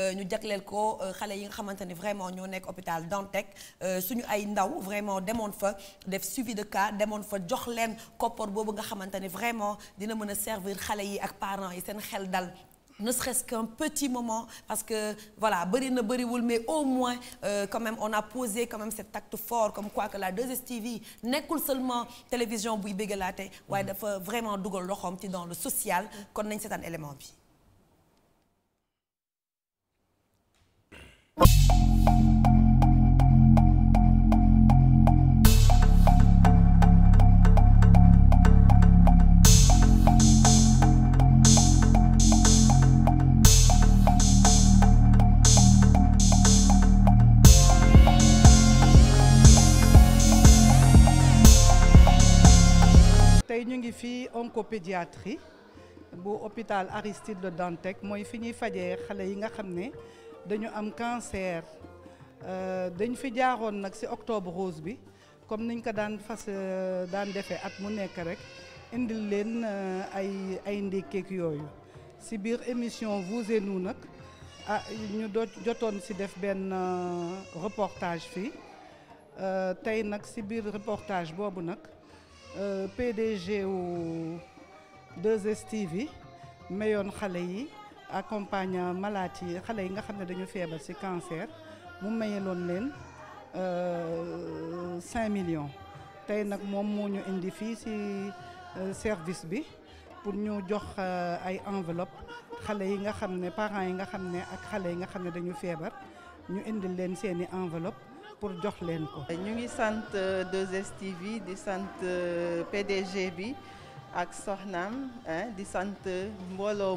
Euh, ñu jagleel ko euh, xale yi nga xamante ni vraiment ñoo nekk hôpital Dantec euh, suñu ay ndaw vraiment demoon fa def suivi de cas demoon fa jox leen koppar boobu nga xamante ni vraiment dina mën a servir xale yi ak parents yi seen xel dal ne serait-ce qu'un petit moment parce que voilà bëri na bëriwul mais au moins euh, quand même on a posé quand même cet acte fort comme quoi que la 2STV nekkul seulement télévision buy bëggalaate waaye mm. dafa vraiment dugal loxoom ci dans le social kon nañ seetaan élément bi tey ñu ngi fii oncopédiatrie bu hôpital Aristide Le Dantec mooy fi ñuy fajee xale yi nga xam ne dañu am cancer euh, dañ fi jaaroon nag ci octobre rose bi comme niñ ko daan fas euh, daan defee at mu nekk rek indi leen euh, ay ay ndékkeek yooyu ci biir émission vous et nag ah ñu do jotoon ci def benn reportage fii tey nag ci biir reportage boobu nag Euh, PDG wu 2STV mayoon xale yi accompagne malaat yi xale yi nga xam ne dañu feebar ci cancer mu mayeloon leen 5 euh, millions tey nag moom moo ñu indi fii ci euh, service bi pour ñu jox ay enveloppe xale yi nga xam ne parents yi nga xam ne ak xale yi nga xam ne dañu feebar ñu indil leen seeni enveloppe pour jox leen ko. ñu ngi sant euh, 2STV di sant euh, PDG bi ak soxnaam di sant mbooloo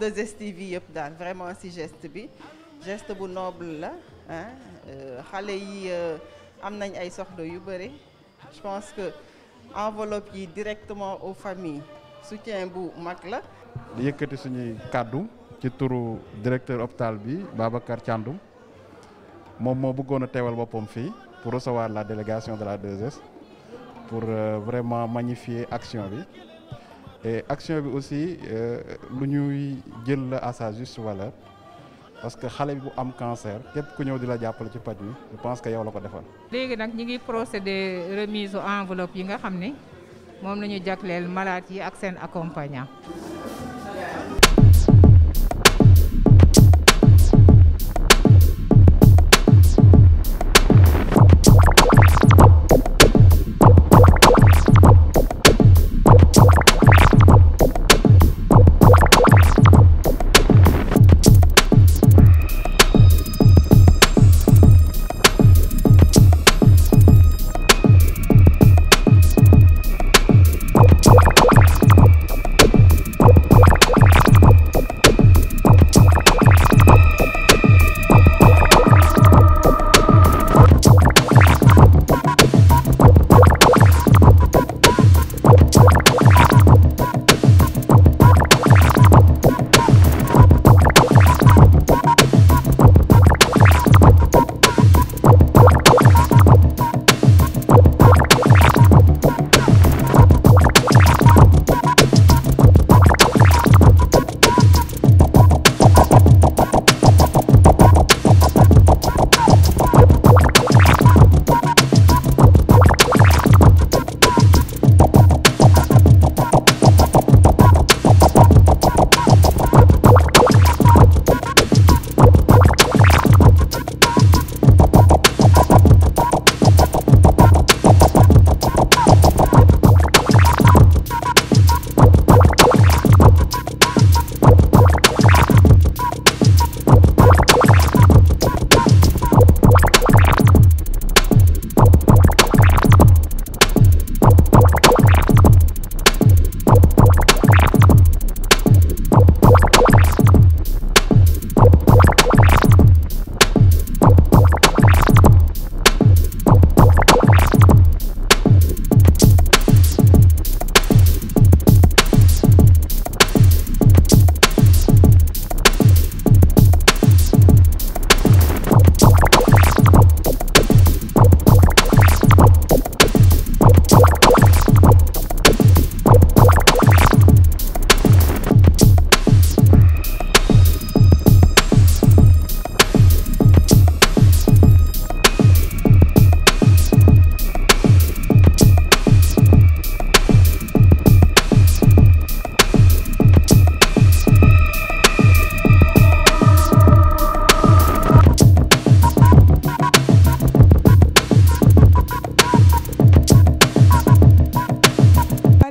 2STV yëpp daal vraiment ci geste bi gest bu noble la euh, xale yi am nañ ay soxla yu bëri je pense que enveloppe yi directement au familles soutien bu mag la. di yëkkati suñuy kàddu ci turu directeur hôpital bi Babacar Thiandoum. moom moo bëggoon a teewal boppam fii pour recevoir la délégation de la 2S pour euh, vraiment magnifier action bi et action bi aussi euh, lu ñuy jël la à sa juste parce que xale bi bu am cancer képp ku ñëw di la jàppale ci paj mi je que yow la ko defal. léegi nag ñi ngi procédé remise enveloppe yi nga xam ni moom la ñu jagleel malade yi ak seen accompagnant.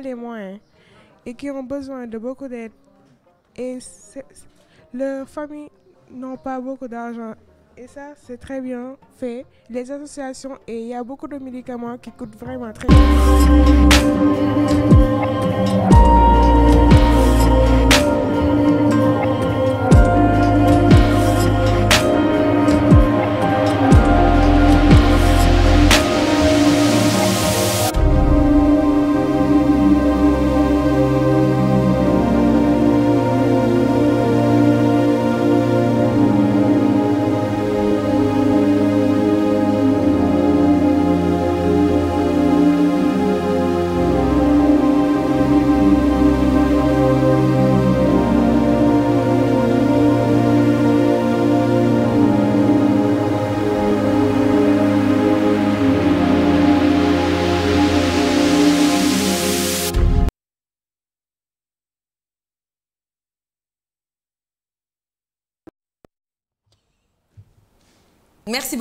pas les moyens et qui ont besoin de beaucoup d'aide. Et leurs familles n'ont pas beaucoup d'argent. Et ça, c'est très bien fait. Les associations, et il y a beaucoup de médicaments qui coûtent vraiment très cher. Merci beaucoup.